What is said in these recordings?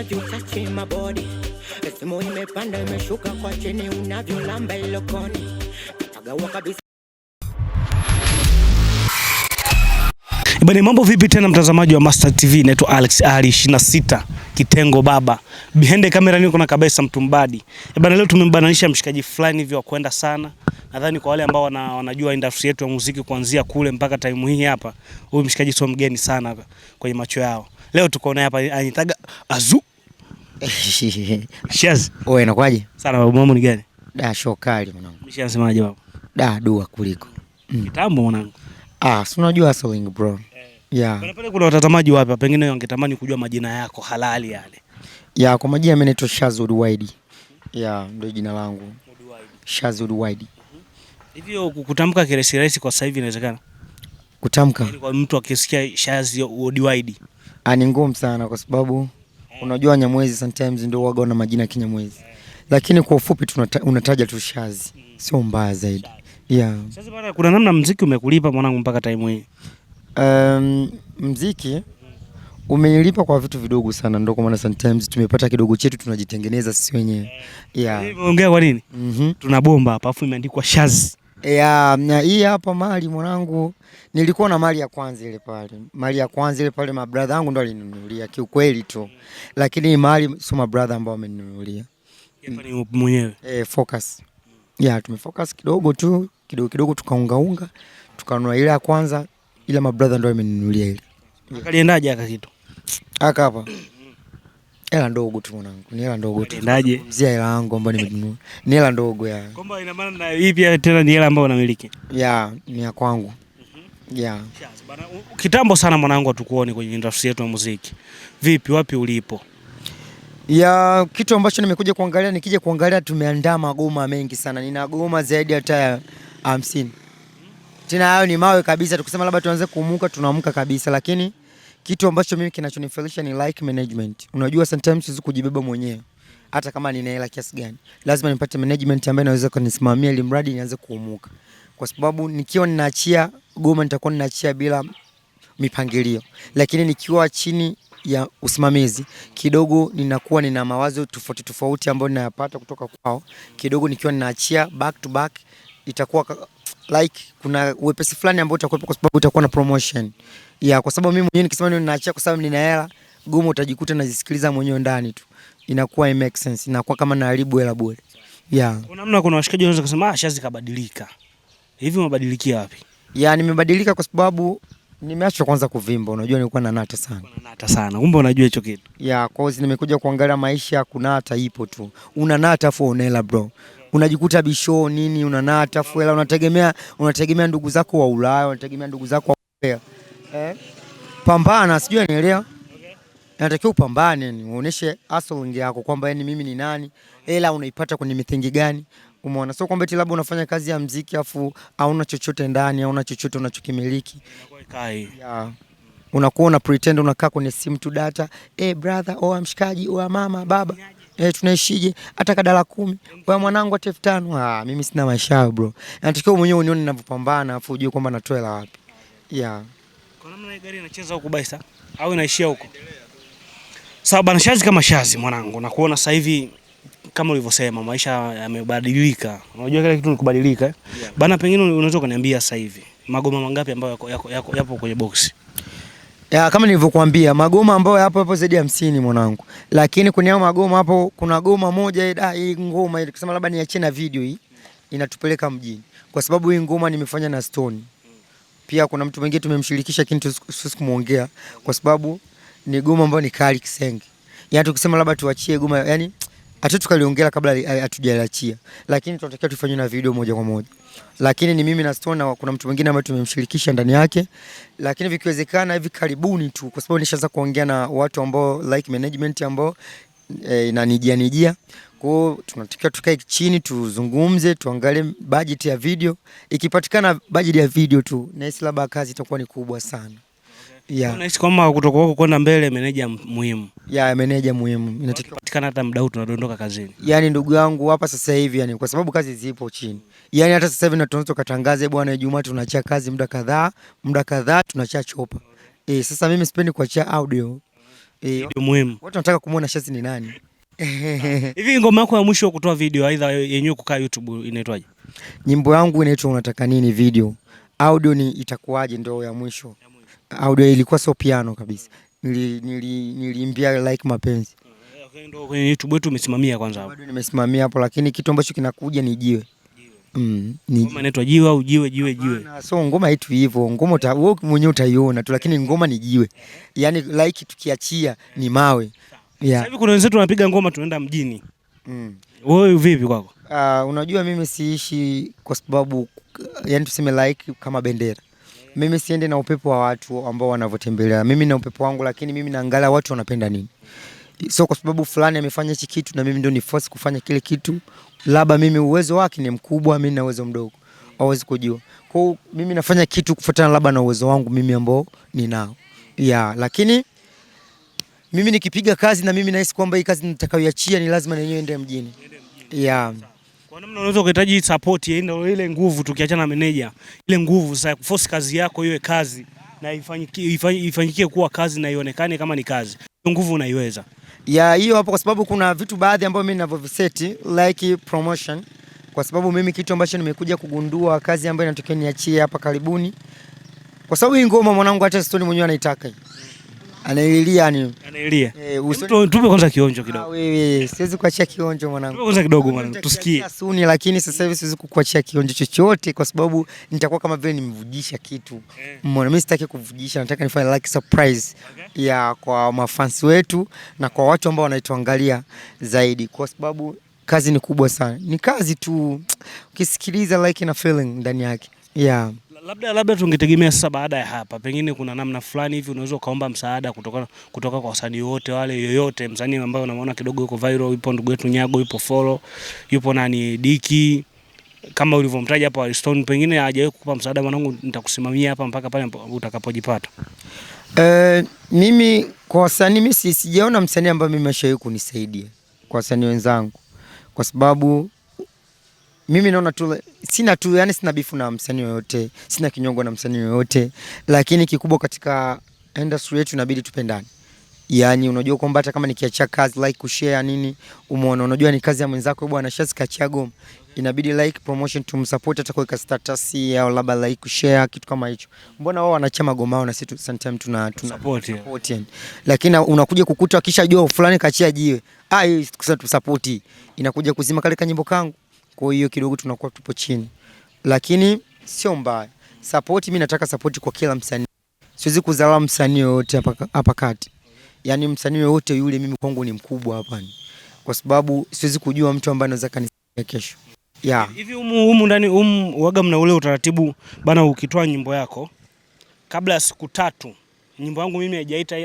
unavyo tachi mabodi, simu imepanda imeshuka kwa chini, unavyo lamba ilokoni tagawa kabisa. Bani, mambo vipi tena mtazamaji wa Master TV, naitwa Alex Ali 26 kitengo baba bihende kamera, niko na kabisa mtumbadi bana. Leo tumembananisha mshikaji fulani hivi wa kwenda sana, nadhani kwa wale ambao wana, wanajua industry yetu ya muziki kuanzia kule mpaka time hii hapa, huyu mshikaji sio mgeni sana kwenye macho yao. Leo tuko naye hapa, anitaga Azu Shaz. Wewe unakwaje? Sana babu mamu ni gani? Da mwanangu. babu? Da dua kuliko. Mm. Kitambo mwanangu. Ah, si unajua bro. Yeah. Pale kuna watazamaji wapi? Pengine wangetamani kujua majina yako halali yale. kwa majina mimi naitwa Ya ndio jina langu. Shazud mm-hmm. Hivyo kirahisi rahisi kwa sasa hivi inawezekana? Kutamka. Yaani kwa mtu akisikia Ah, ni ngumu sana kwa sababu Eh. Unajua nyamwezi sometimes ndio huaga na majina Kinyamwezi, eh. lakini kwa ufupi unataja tu Shazi, hmm. sio mbaya zaidi yeah. Sasa bwana, kuna namna mziki umekulipa mwanangu mpaka time hii? Um, mziki umenilipa kwa vitu vidogo sana, ndio kwa maana sometimes tumepata kidogo chetu tunajitengeneza sisi wenyewe eh. yeah. Ongea kwa nini? mm -hmm. Tuna bomba hapa afu imeandikwa Shazi ya, hii hapa mali mwanangu, nilikuwa na mali ya kwanza ile pale. Mali ya kwanza ile pale mabradha yangu ndo alinunulia kiukweli tu. Lakini mali sio mabradha ambao wameninunulia. Hapa mwenyewe. Eh, focus. Ya, tumefocus kidogo tu, kidogo kidogo tukaungaunga, tukanunua ile ya kwanza, ila mabradha ndo ameninunulia ile. Akaliendaje aka kitu? Aka hapa. Hela ndogo tu mwanangu, ni hela ndogo tu. Naje? Mzia hela yangu ambayo nimenunua. Ni hela ndogo ya. Kwamba ina maana na hii pia tena ni hela ambayo unamiliki. Yeah, ni ya kwangu. Mhm. Yeah. Bana, kitambo sana mwanangu atukuone kwenye industry yetu ya muziki. Vipi, wapi ulipo? Ya kitu ambacho nimekuja kuangalia, nikija kuangalia tumeandaa magoma mengi sana. Nina goma zaidi hata ya hamsini. Mhm. Tena hayo ni mawe kabisa, tukisema labda tuanze kuumuka tunaamka kabisa lakini kitu ambacho mimi kinachonifurahisha ni like management. Unajua sometimes siwezi kujibeba mwenyewe. Hata kama nina hela kiasi gani, lazima nipate management ambayo inaweza kunisimamia ili mradi nianze kuumuka. Kwa sababu nikiwa ninaachia goma nitakuwa ninaachia bila mipangilio. Lakini nikiwa chini ya usimamizi kidogo ninakuwa nina mawazo tofauti tofauti ambayo ninayapata kutoka kwao. Kidogo nikiwa ninaachia back to back itakuwa like kuna uwepesi fulani ambao utakuwepo kwa sababu utakuwa na promotion. ya kwa sababu mimi mwenyewe nikisema nini naachia kwa sababu nina hela, gumu utajikuta nazisikiliza mwenyewe ndani tu. Inakuwa it makes sense, inakuwa kama naharibu hela bure. ya Yeah. Kuna namna kuna washikaji wanaweza kusema ah, shazi kabadilika. Hivi umebadilikia wapi? Yeah, nimebadilika kwa sababu nimeacha kwanza kuvimba, unajua nilikuwa na nata sana. Na nata sana. Kumbe unajua hicho kitu. ya Yeah, cause nimekuja kuangalia maisha kuna hata ipo tu. Una nata afu onela bro unajikuta bisho nini, unanata fuela, unategemea unategemea ndugu zako wa Ulaya, unategemea ndugu zako wa eh, pambana, sijui anaelewa natakiwa upambane, ni uoneshe hustle yako kwamba yani mimi ni nani, hela unaipata kwenye mithingi gani? Umeona, sio kwamba eti labda unafanya kazi ya mziki afu hauna chochote ndani, hauna chochote unachokimiliki Unakuwa una pretend unakaa kwenye simu tu data. Eh, hey brother, oa oh, mshikaji, oa oh, mama, baba eh, tunaishije? Hata kadala kumi kwa mwanangu hata elfu tano ah, mimi sina maisha bro. Natakiwa mwenyewe unione ninavyopambana, afu ujue kwamba natoa hela wapi. Yeah. Kwa namna gari inacheza huko baisa au inaishia huko? Sawa bana, shazi kama shazi mwanangu, na kuona sasa hivi kama ulivyosema maisha yamebadilika. Unajua kile kitu ni kubadilika. Yeah. Bana, pengine unaweza kuniambia sasa hivi magoma mangapi ambayo yako, yako, yako, yapo kwenye boksi? Ya, kama nilivyokuambia magoma ambayo hapo hapo zaidi ya hamsini mwanangu, lakini kwenye magoma hapo kuna goma moja da, ah, hii ngoma ile kusema labda niachie na video hii inatupeleka mjini, kwa sababu hii ngoma nimefanya na Stone. Pia kuna mtu mwingine tumemshirikisha, lakini kumuongea kwa sababu ni goma ambayo ni kali kisenge, yaani tukisema labda tuachie goma yani hata tukaliongea kabla hatujaliachia, lakini tunatakiwa tufanye na video moja kwa moja, lakini ni mimi na Stone na kuna mtu mwingine ambaye tumemshirikisha ndani yake, lakini vikiwezekana hivi karibuni tu, kwa sababu nishaanza kuongea na watu ambao like management ambao eh, inanijia nijia. Kwa hiyo tunatakiwa tukae chini tuzungumze, tuangalie bajeti ya video. Ikipatikana bajeti ya video tu, na hisi labda kazi itakuwa ni kubwa sana. Yeah. Unahisi kwamba kutoka kwako kwenda mbele meneja muhimu. Yeah, meneja muhimu. Inatakiwa hata muda huu tunadondoka kazini. Yaani ndugu yangu hapa sasa hivi yani kwa sababu kazi zipo chini. Yaani hata sasa hivi na tunaweza kutangaza bwana Ijumaa tunaacha kazi muda kadhaa, muda kadhaa tunaacha chopa. Okay. Eh, sasa mimi sipendi kuachia audio. Eh, ndio muhimu. Watu wanataka kumuona Shazi ni nani? Hivi ngoma yako ya mwisho kutoa video aidha yenyewe kukaa YouTube inaitwaje? Nyimbo yangu inaitwa unataka nini video. Audio ni itakuwaje ndio ya mwisho audio ilikuwa sio piano kabisa, niliimbia nili, nili like mapenzi. Okay, ndio kwenye YouTube wetu umesimamia kwanza hapo. Bado nimesimamia hapo, lakini kitu ambacho kinakuja ni jiwe Mm, ngoma inaitwa jiwe au jiwe jiwe jiwe. Na So ngoma yetu hivyo, ngoma wewe mwenyewe utaiona tu, lakini ngoma ni jiwe, yaani like tukiachia ni mawe. Sasa hivi kuna wenzetu wanapiga ngoma tunaenda mjini. Mm. Wewe vipi kwako? Uh, unajua mimi siishi kwa sababu, yani tuseme like kama bendera mimi siende na upepo wa watu ambao wanavyotembelea mimi na upepo wangu, lakini mimi naangalia watu wanapenda nini. So kwa sababu fulani amefanya hichi kitu na mimi ndio ni force kufanya kile kitu, labda mimi uwezo wake ni mkubwa, mimi na uwezo mdogo, hawezi kujua. Kwa hiyo mimi nafanya kitu kufuatana labda na uwezo wangu mimi ambao ninao ya yeah, lakini mimi nikipiga kazi na mimi nahisi kwamba hii kazi nitakayoiachia ni lazima nenyewe ende mjini ya yeah namna unaweza kuhitaji support ile nguvu, tukiachana na meneja, ile nguvu sasa kuforce kazi yako iwe kazi na ifanyikie kuwa kazi na ionekane kama ni kazi, nguvu unaiweza ya hiyo hapo, kwa sababu kuna vitu baadhi ambavyo mimi ninavyoviseti like promotion, kwa sababu mimi kitu ambacho nimekuja kugundua kazi ambayo inatokea niachie hapa karibuni, kwa sababu hii ngoma mwanangu, hata Stone mwenyewe anaitaka hii Anailia ni. Anailia. Eh, usoni... tupe kwanza kionjo kidogo. Ah, wewe, siwezi kuachia kionjo mwanangu. Tupe kwanza kidogo mwanangu, tusikie. Suni lakini sasa hivi siwezi kukuachia kionjo chochote kwa sababu nitakuwa kama vile nimvujisha kitu. Eh. Mbona mimi sitaki kuvujisha, nataka nifanye like surprise okay, ya kwa mafansi wetu na kwa watu ambao wanaituangalia zaidi kwa sababu kazi ni kubwa sana. Ni kazi tu ukisikiliza like na feeling ndani yake yeah. Labda labda tungetegemea sasa baada ya hapa pengine kuna namna fulani hivi unaweza ukaomba msaada kutoka, kutoka kwa wasanii wote wale, yoyote msanii ambaye unamwona kidogo yuko viral, yupo ndugu yetu Nyago, yupo Folo, yupo nani Diki kama ulivyomtaja hapo Alistone, pengine hajawahi kukupa msaada, mwanangu, nitakusimamia hapa mpaka pale utakapojipata. Uh, mimi kwa wasanii mimi sijaona msanii ambaye mimi ashawahi kunisaidia kwa wasanii wenzangu, kwa sababu mimi naona tu sina tu, yani sina bifu na msanii yoyote, sina kinyongo na msanii yoyote, lakini kikubwa katika industry yetu inabidi tupendane. Yani unajua kwamba hata kama nikiachia kazi like kushare nini, umeona, unajua ni kazi ya mwenzako bwana, shazi kachia goma, inabidi like promotion tumsupport, hata kuweka status ya labda like kushare kitu kama hicho. Mbona wao wanachia magoma yao na sisi sometimes tuna tuna support, support yeah. Lakini unakuja kukuta kisha jua fulani kachia jiwe, ah, hii kusema tu inakuja kuzima kale kanyimbo kangu kwa hiyo kidogo tunakuwa tupo chini, lakini sio mbaya. Support mimi nataka support kwa kila msanii, siwezi kuzala msanii yoyote hapa kati, yani msanii yoyote yule mimi kwangu ni mkubwa hapa, kwa sababu siwezi kujua mtu ambaye anaweza kanisaidia kesho. Yeah. Hivi umu, umu ndani umu waga mna ule utaratibu bana, ukitoa nyimbo yako kabla ya siku tatu, nyimbo yangu mimi haijaita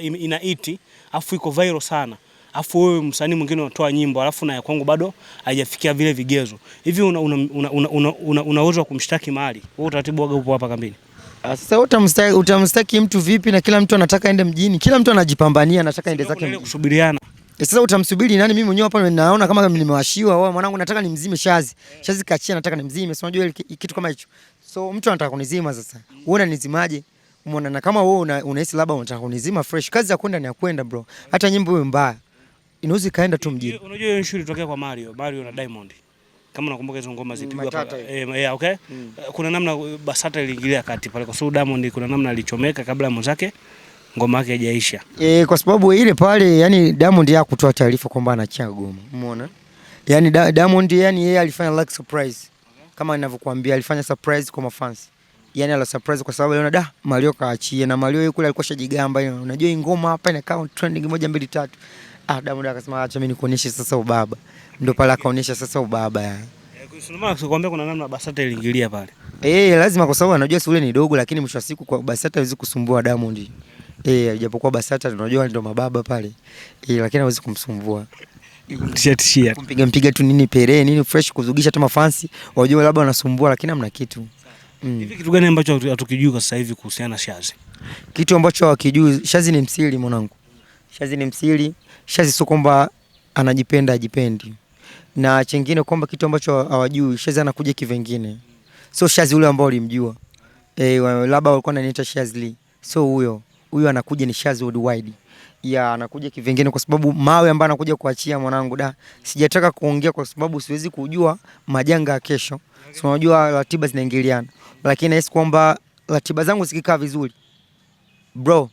inaiti afu iko viral sana afu wewe msanii mwingine unatoa nyimbo alafu na ya kwangu bado haijafikia vile vigezo hivi, unaweza una, una, una, una, una kumshtaki mahali? Wewe utaratibu waga upo hapa kambini. Ah, sasa utamstaki, utamstaki mtu vipi? Na kila mtu anataka aende mjini, kila mtu anajipambania, anataka aende zake mjini, kusubiriana eh, sasa utamsubiri nani? Mimi mwenyewe hapa naona kama nimewashiwa. Wao mwanangu, nataka nimzime Shazi, eh. Shazi kachia, nataka nimzime. Si unajua kitu kama hicho, so mtu anataka kunizima. Sasa wewe unanizimaje? Umeona, na kama wewe unahisi labda unataka kunizima fresh, kazi ya kwenda ni ya kwenda bro, hata nyimbo iwe mbaya inaweza ikaenda tu mjini. Unajua hiyo issue ilitokea kwa Mario, Mario na Diamond kama nakumbuka hizo ngoma zipigwa mm, pale eh, yeah, okay. Mm. Kuna namna Basata iliingilia kati pale, kwa sababu Diamond kuna namna alichomeka kabla mwenzake ngoma yake haijaisha Eh, kwa sababu ile pale, yani Diamond ya kutoa taarifa kwamba anachia ngoma, umeona yani da, Diamond yani yeye alifanya like surprise kama ninavyokuambia, alifanya surprise kwa mafans yani ala surprise, kwa sababu aliona da Mario kaachie, na Mario yule alikuwa shajigamba, unajua ngoma hapa inakaa trending moja mbili tatu Ah, Damuda akasema acha mimi nikuonyeshe sasa ubaba. Ndio pale akaonyesha sasa ubaba yani. Suluma akakwambia kuna namna Basata iliingilia pale. Eh, lazima kwa sababu anajua sule ni dogo lakini mwisho wa siku kwa Basata hawezi kusumbua Diamond. Eh, japokuwa Basata tunajua ndio mababa pale. Eh, lakini hawezi kumsumbua. Kumtishia Kumpiga mpiga tu nini pere nini fresh kuzugisha tama mafansi. Wajua labda wanasumbua lakini hamna kitu. Mm. Hivi kitu gani ambacho hatukijui kwa sasa hivi kuhusiana na Shazi? Kitu ambacho hawakijui, Shazi ni msiri mwanangu. Shazi ni msiri. Shazi sio kwamba anajipenda ajipendi, na chengine kwamba kitu ambacho hawajui Shazi anakuja kivengine, so Shazi ule ambao alimjua e, eh, labda walikuwa ananiita Shazli, so huyo. Huyo anakuja ni Shazi Worldwide ya anakuja kivengine, kwa sababu mawe ambayo anakuja kuachia mwanangu, da, sijataka kuongea kwa sababu siwezi kujua majanga ya kesho. So unajua ratiba zinaingiliana, lakini nahisi kwamba ratiba zangu zikikaa vizuri, bro,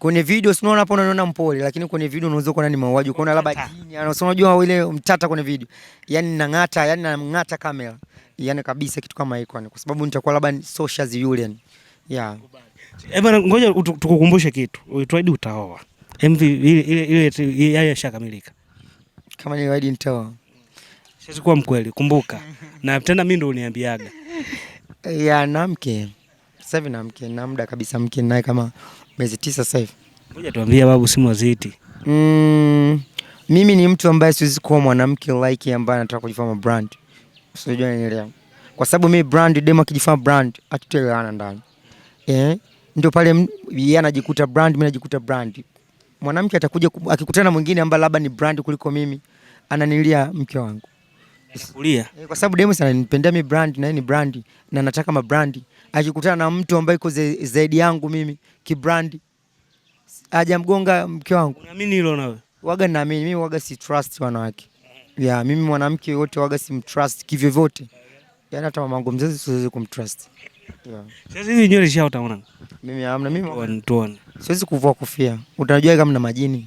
Kwenye video sio, unaona hapo unaona mpole, lakini kwenye video unaweza kuona ni mauaji, kuona labda jini, ana yaani sio, unajua ile mtata kwenye video. yani nang'ata, yani nang'ata kamera. yani kabisa kitu kama hiko, yaani kwa sababu nitakuwa labda socials yule yani. Yeah. Eh, bana ngoja tukukumbushe kitu. Uitwaidi utaoa. MV ile ile ile yaya shakamilika Kama ni waidi nitaoa. Siwezi kuwa mkweli, kumbuka. Na tena mimi ndo uniambiaga. Ya namke Sasa hivi namke na muda kabisa mke naye kama miezi tisa sasa hivi. Ngoja tuambie babu, simu mwezi eti. Mm, mimi ni mtu ambaye siwezi kuwa mwanamke like ambaye anataka kujifanya brand. Usijua nielewa. Kwa sababu mimi brand demo akijifanya brand atutaelewana ndani. Eh? Ndio pale yeye anajikuta brand, mimi najikuta brand. Mwanamke atakuja akikutana na mwingine ambaye labda ni brand kuliko mimi, ananilia mke wangu. Anakulia. Eh, kwa sababu demo sana ananipendea mimi brand na yeye ni brand na nataka ma mabrandi. Akikutana na mtu ambaye iko zaidi yangu mimi, kibrand hajamgonga mke wangu. Unaamini hilo nawe? Waga naamini mimi, waga si trust wanawake ya yeah, mimi mwanamke yote waga si mtrust kivyo vyote, yaani hata mamangu mzazi siwezi kumtrust. Sasa hizi nywele shao utaona mimi hamna, mimi siwezi kuvua kofia, utajua kama na majini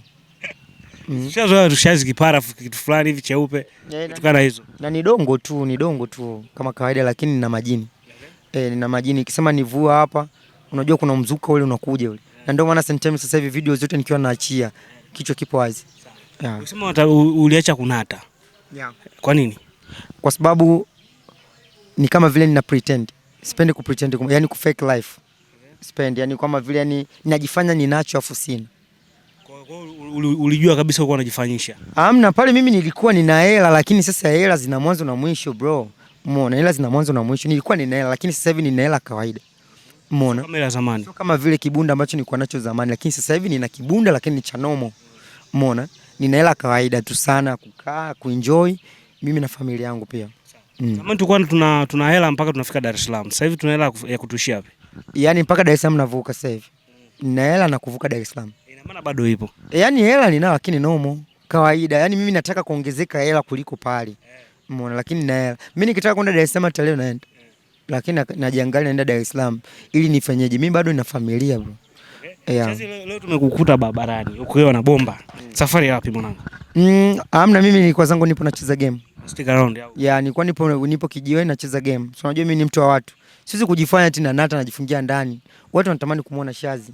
Mm. Sasa kipara kitu fulani hivi cheupe kutokana hizo, na ni dongo tu, ni dongo tu kama kawaida, lakini na majini eh, na majini. Ikisema nivua hapa unajua kuna mzuka ule unakuja ule, na ndio maana sometimes sasa hivi video zote nikiwa naachia kichwa kipo wazi. Unasema uliacha kunata. Yeah. Kwa nini? Kwa sababu ni kama vile nina pretend. Sipendi ku pretend, yani ku fake life. Sipendi, yani kama vile yani ninajifanya ninacho afu sina. Ulijua kabisa uko unajifanyisha. Amna pale, mimi nilikuwa nina hela, lakini sasa hela zina mwanzo na mwisho bro. Umeona, hela zina mwanzo na mwisho. Nilikuwa nina hela, lakini sasa hivi nina hela kawaida. Umeona? Kamera zamani. Sio kama vile kibunda ambacho nilikuwa nacho zamani, lakini sasa hivi nina kibunda lakini ni cha normal. Umeona? Nina hela kawaida tu sana kukaa, kuenjoy mimi na familia yangu pia. Mm. Zamani tulikuwa tuna tuna hela mpaka tunafika Dar es Salaam. Sasa hivi tuna hela ya kutushia wapi? Yaani mpaka Dar es Salaam navuka sasa hivi. Nina hela na kuvuka Dar es Salaam. Eh, ina maana bado ipo. Yaani hela ninayo lakini nomo kawaida. Yaani mimi nataka kuongezeka hela kuliko pale. Eh. Umeona? Lakini nina hela. Mimi nikitaka kwenda Dar es Salaam leo naenda lakini najiangalia naenda Dar es Salaam ili nifanyeje? Mimi bado nina familia bro. Eh, yeah. Sasa leo tumekukuta barabarani ukiwa na bomba. Mm. Safari ya wapi mwanangu? Mm, amna mimi ni kwa zangu nipo nacheza game. Stick around au? Yeah, ni kwa nipo nipo kijiweni nacheza game. So unajua mimi ni mtu wa watu. Siwezi kujifanya tena nata najifungia ndani. Watu wanatamani kumuona Shazi.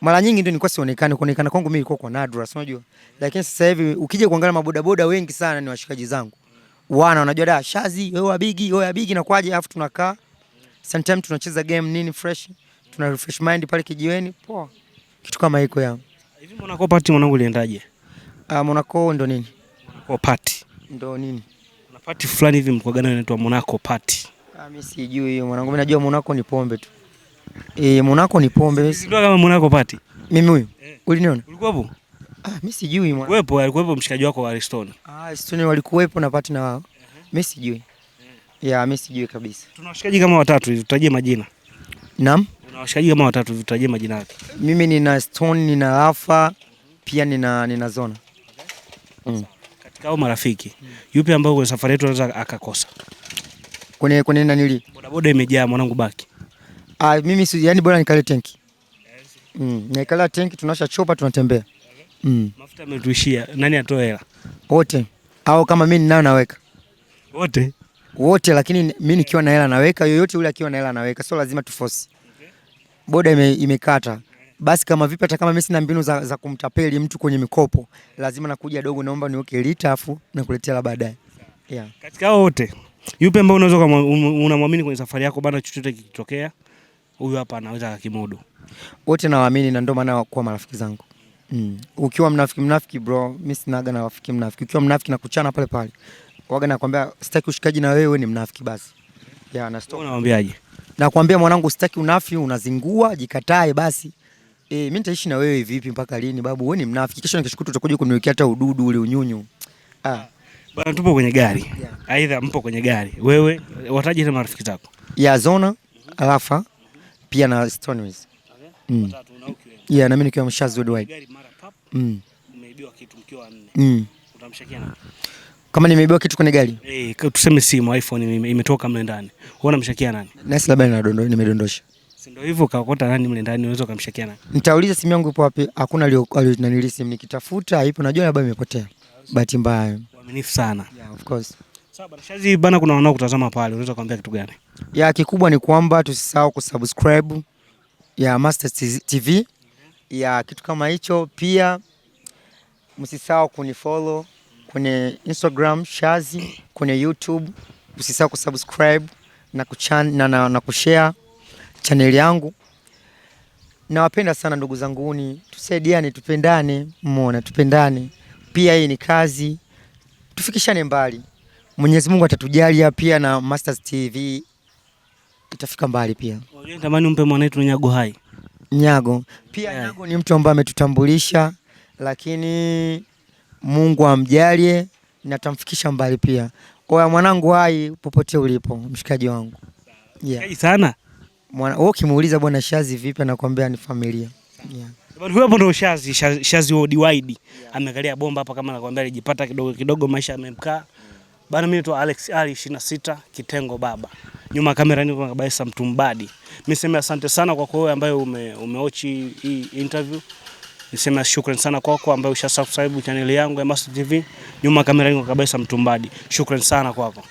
Mara nyingi ndio nilikuwa sionekane, kuonekana kwangu mimi ilikuwa kwa nadra, si unajua? Lakini sasa hivi ukija kuangalia mabodaboda wengi sana ni washikaji zangu. Wana wanajua da Shazi, wewe wa bigi, wewe wa bigi na kwaje, afu tunakaa sometime tunacheza game nini fresh, tuna refresh mind pale kijiweni, poa, kitu kama hiko yangu hivi. Monaco party mwanangu, liendaje? Uh, ah, Monaco ndo nini? Monaco party ndo nini? Kuna party fulani hivi mko gana inaitwa Monaco party. Ah, mimi sijui hiyo mwanangu, mimi najua Monaco ni pombe tu. Eh, Monaco ni pombe. Mimi sijui kama Monaco party. Mimi huyu. Eh. Uliniona? Ulikuwa hapo? Ah, mimi sijui mwanangu. Wepo, alikuwepo mshikaji wako wa Ariston. Ah, Ariston walikuwepo na party na wao. Uh -huh. Mimi sijui. Ya mimi sijui kabisa. Tunawashikaji kama watatu hivi, tutajie majina. Naam? washikaji kama watatu hivi, tutajie majina yake. Mimi nina Stone, nina Alpha, pia nina nina Zona. Okay. Mm. Katika hao marafiki, mm. Yupi ambao kwa safari yetu anaweza akakosa? Kwenye kwenye nani? Bodaboda imejaa mwanangu baki. Ah, mimi si yani bora nikale tenki. Mm, nikala tenki tunasha chopa tunatembea. Mm. Mafuta ametuishia. Nani atoa hela? Wote. Au kama mimi ninao naweka. Wote wote, lakini mimi nikiwa na hela naweka, yoyote yule akiwa na hela naweka, sio lazima tuforce. Boda ime, imekata basi kama vipi, hata kama mimi sina mbinu za, za kumtapeli mtu kwenye mikopo, lazima nakuja dogo, naomba niweke lita afu nakuletea la baadaye. Yeah. Katika wote yupi ambaye unaweza um, unamwamini kwenye safari yako bana, chochote kikitokea huyu hapa anaweza akimudu? Wote nawaamini na ndio maana kwa marafiki zangu. Mm. Ukiwa mnafiki mnafiki bro, mimi sinaga na rafiki mnafiki. Ukiwa mnafiki na kuchana pale pale. Waga nakwambia sitaki ushikaji na wewe, ni mnafiki basi. Yeah, na stop. Unawaambiaje? Nakwambia mwanangu, sitaki unafi, unazingua, jikatae basi. Eh, mimi nitaishi na wewe vipi mpaka lini babu? Wewe ni mnafiki. Kesho nikishukuru utakuja kuniwekea hata ududu ule unyunyu. Ah. Bwana tupo kwenye gari. Yeah. Aidha mpo kwenye gari. Wewe wataje na marafiki zako? Ya Zona, Alafa pia na Stoneways. Mm. Watatu Yeah, na mimi nikiwa mshazi worldwide. Gari mara pap. Mm. Umeibiwa kitu mkiwa nne. Mm. Utamshakia nani? Kama nimeibiwa kitu kwenye gari eh, tuseme simu iPhone imetoka mle ndani, uona mshakia nani? Nasi labda nadondo, nimedondosha. Si ndio hivyo, kaokota nani mle ndani, unaweza kumshakia nani? Nitauliza simu yangu ipo wapi? Hakuna aliyonanili simu, nikitafuta haipo, najua labda imepotea, bahati mbaya. Uaminifu sana. Yeah, of course. Sawa bana, Shazi bana, kuna wanao kutazama pale, unaweza kuambia kitu gani? Ya kikubwa ni kwamba tusisahau kusubscribe ya Master TV mhm. ya kitu kama hicho, pia msisahau kunifollow kwenye Instagram Shazi, kwenye YouTube. Usisahau kusubscribe na kuchan, na, na, na kushare chaneli yangu. Nawapenda sana ndugu zanguni, tusaidiane, tupendane, mona tupendane. Pia hii ni kazi, tufikishane mbali. Mwenyezi Mungu atatujalia pia na Masters TV itafika mbali pia. Natamani umpe mwanetu Nyago hai Nyago pia yeah. Nyago ni mtu ambaye ametutambulisha lakini Mungu amjalie na tamfikisha mbali pia. Oya mwanangu hai popote ulipo mshikaji wangu. Yeah. Sana. Mwana wewe ukimuuliza bwana Shazi vipi anakuambia ni familia. Yeah. Bwana huyo hapo ndo Shazi, Shazi, Shazi wa Diwaidi. Yeah. Amekalia bomba hapa kama anakuambia alijipata kidogo kidogo maisha yamemkaa. Bana, mimi naitwa Alex Ali 26 kitengo baba. Nyuma kamera niko kabisa mtumbadi. Mimi sema asante sana kwa kwa wewe ambaye ume, umeochi hii interview niseme shukrani sana kwako ambaye usha subscribe channel yangu ya Mastaz TV. Nyuma kamera yangu kabisa Mtumbadi, shukrani sana kwako